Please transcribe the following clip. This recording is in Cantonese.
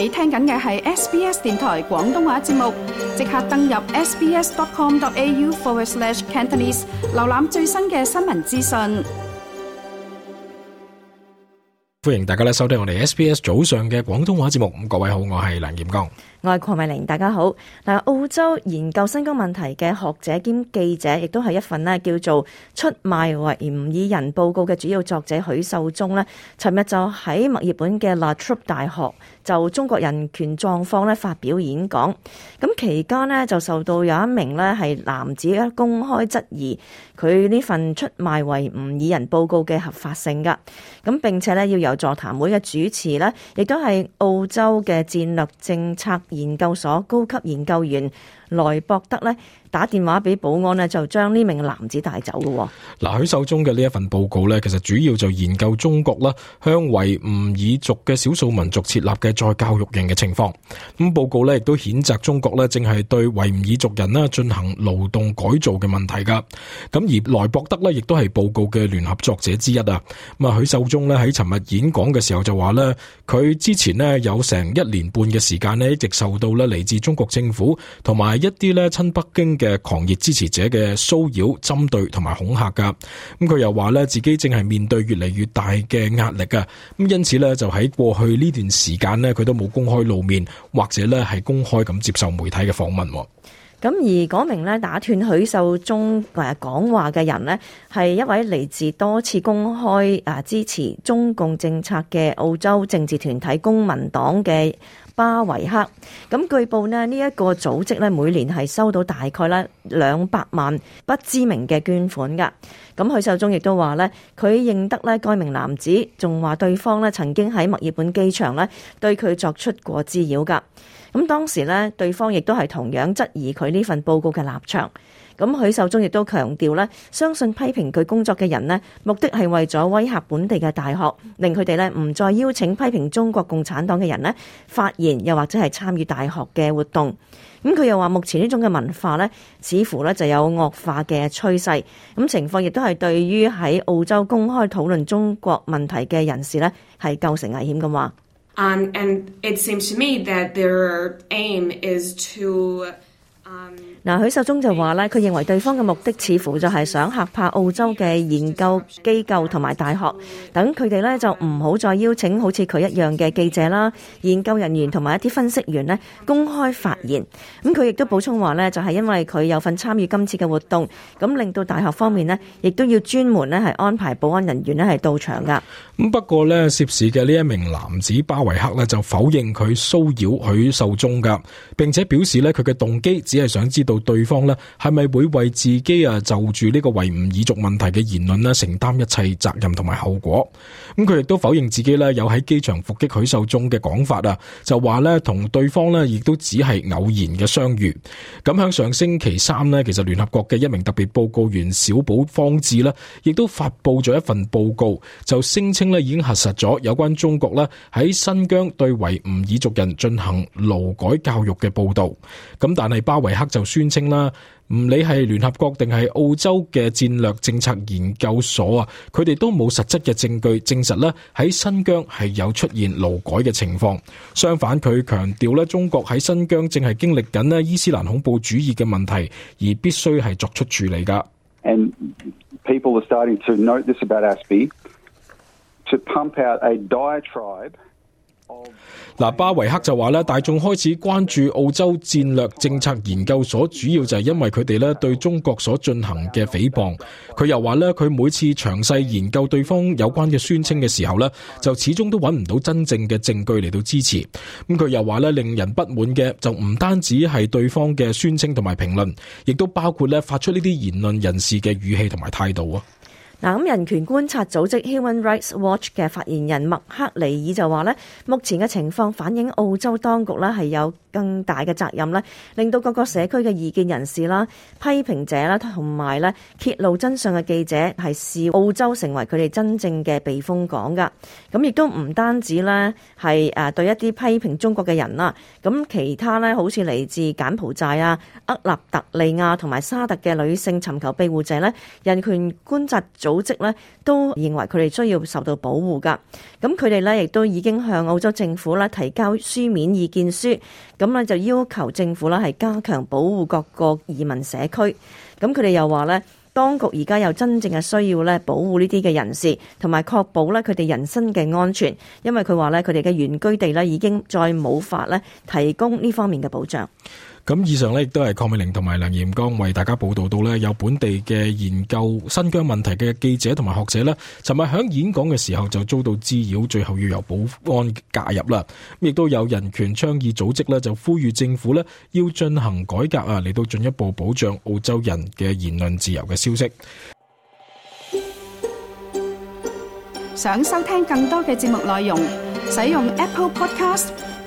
你聽緊嘅係 SBS 電台廣東話節目，即刻登入 sbs.com.au/cantonese 瀏覽最新嘅新聞資訊。歡迎大家咧收聽我哋 SBS 早上嘅廣東話節目。咁各位好，我係梁劍剛。我係鄺美玲，大家好。嗱，澳洲研究新疆問題嘅學者兼記者，亦都係一份呢叫做《出賣維吾爾人報告》嘅主要作者許秀中呢尋日就喺墨爾本嘅 La Trobe 大學就中國人權狀況呢發表演講。咁期間呢，就受到有一名呢係男子公開質疑佢呢份《出賣維吾爾人報告》嘅合法性噶。咁並且呢，要由座談會嘅主持呢，亦都係澳洲嘅戰略政策研究所高級研究員。萊博德呢，打電話俾保安呢，就將呢名男子帶走噶、哦。嗱，許秀忠嘅呢一份報告呢，其實主要就研究中國啦，向維吾爾族嘅少數民族設立嘅再教育營嘅情況。咁報告呢，亦都譴責中國呢，正係對維吾爾族人呢進行勞動改造嘅問題㗎。咁而萊博德呢，亦都係報告嘅聯合作者之一啊。咁啊，許秀忠呢，喺尋日演講嘅時候就話呢，佢之前呢，有成一年半嘅時間呢，一直受到呢嚟自中國政府同埋，一啲呢親北京嘅狂熱支持者嘅騷擾、針對同埋恐嚇噶咁佢又話呢，自己正係面對越嚟越大嘅壓力噶咁因此呢，就喺過去呢段時間呢，佢都冇公開露面或者呢係公開咁接受媒體嘅訪問。咁而嗰名呢打斷許秀中誒講話嘅人呢，係一位嚟自多次公開誒支持中共政策嘅澳洲政治團體公民黨嘅巴維克。咁據報呢，呢一個組織呢，每年係收到大概咧兩百萬不知名嘅捐款噶。咁許秀中亦都話呢，佢認得呢該名男子，仲話對方呢曾經喺墨爾本機場咧對佢作出過滋擾噶。咁當時呢，對方亦都係同樣質疑佢呢份報告嘅立場。咁許秀中亦都強調咧，相信批評佢工作嘅人咧，目的係為咗威嚇本地嘅大學，令佢哋咧唔再邀請批評中國共產黨嘅人咧發言，又或者係參與大學嘅活動。咁佢又話，目前呢種嘅文化咧，似乎咧就有惡化嘅趨勢。咁情況亦都係對於喺澳洲公開討論中國問題嘅人士係構成危險嘅話。Um, and it seems to me that their aim is to 嗱，許秀中就話咧，佢認為對方嘅目的似乎就係想嚇怕澳洲嘅研究機構同埋大學，等佢哋呢，就唔好再邀請好似佢一樣嘅記者啦、研究人員同埋一啲分析員呢公開發言。咁佢亦都補充話呢就係因為佢有份參與今次嘅活動，咁令到大學方面呢，亦都要專門咧係安排保安人員呢係到場噶。咁不過呢，涉事嘅呢一名男子巴維克呢，就否認佢騷擾許秀中噶，並且表示呢，佢嘅動機只即係想知道對方呢係咪會為自己啊就住呢個維吾爾族問題嘅言論呢承擔一切責任同埋後果？咁佢亦都否認自己呢有喺機場伏擊許秀中嘅講法啊，就話呢同對方呢亦都只係偶然嘅相遇。咁喺上星期三呢，其實聯合國嘅一名特別報告員小保方志呢亦都發布咗一份報告，就聲稱呢已經核實咗有關中國呢喺新疆對維吾爾族人進行勞改教育嘅報道。咁但係包圍。尼克就宣稱啦，唔理係聯合國定係澳洲嘅戰略政策研究所啊，佢哋都冇實質嘅證據證實咧喺新疆係有出現勞改嘅情況。相反，佢強調咧，中國喺新疆正係經歷緊呢伊斯蘭恐怖主義嘅問題，而必須係作出處理噶。And people are starting to note this about ASPI to pump out a diatribe. 嗱，巴維克就話咧，大眾開始關注澳洲戰略政策研究所，主要就係因為佢哋咧對中國所進行嘅誹謗。佢又話咧，佢每次詳細研究對方有關嘅宣稱嘅時候咧，就始終都搵唔到真正嘅證據嚟到支持。咁佢又話咧，令人不滿嘅就唔單止係對方嘅宣稱同埋評論，亦都包括咧發出呢啲言論人士嘅語氣同埋態度啊。嗱，咁人權觀察組織 Human Rights Watch 嘅發言人麥克尼爾就話咧，目前嘅情況反映澳洲當局咧係有更大嘅責任咧，令到各個社區嘅異見人士啦、批評者啦，同埋咧揭露真相嘅記者，係視澳洲成為佢哋真正嘅避風港噶。咁亦都唔單止呢係誒對一啲批評中國嘅人啦，咁其他咧好似嚟自柬埔寨啊、厄立特利亞同埋沙特嘅女性尋求庇護者呢，人權觀察組織呢都認為佢哋需要受到保護噶。咁佢哋呢亦都已經向澳洲政府呢提交書面意見書。咁咧就要求政府咧係加強保護各個移民社區。咁佢哋又話咧，當局而家有真正嘅需要咧，保護呢啲嘅人士，同埋確保咧佢哋人身嘅安全。因為佢話咧，佢哋嘅原居地咧已經再冇法咧提供呢方面嘅保障。咁以上咧，亦都係鄺美玲同埋梁炎光，為大家報道到呢，有本地嘅研究新疆問題嘅記者同埋學者咧，尋日響演講嘅時候就遭到滋擾，最後要由保安介入啦。亦都有人權倡議組織咧，就呼籲政府咧要進行改革啊，嚟到進一步保障澳洲人嘅言論自由嘅消息。想收聽更多嘅節目內容，使用 Apple Podcast。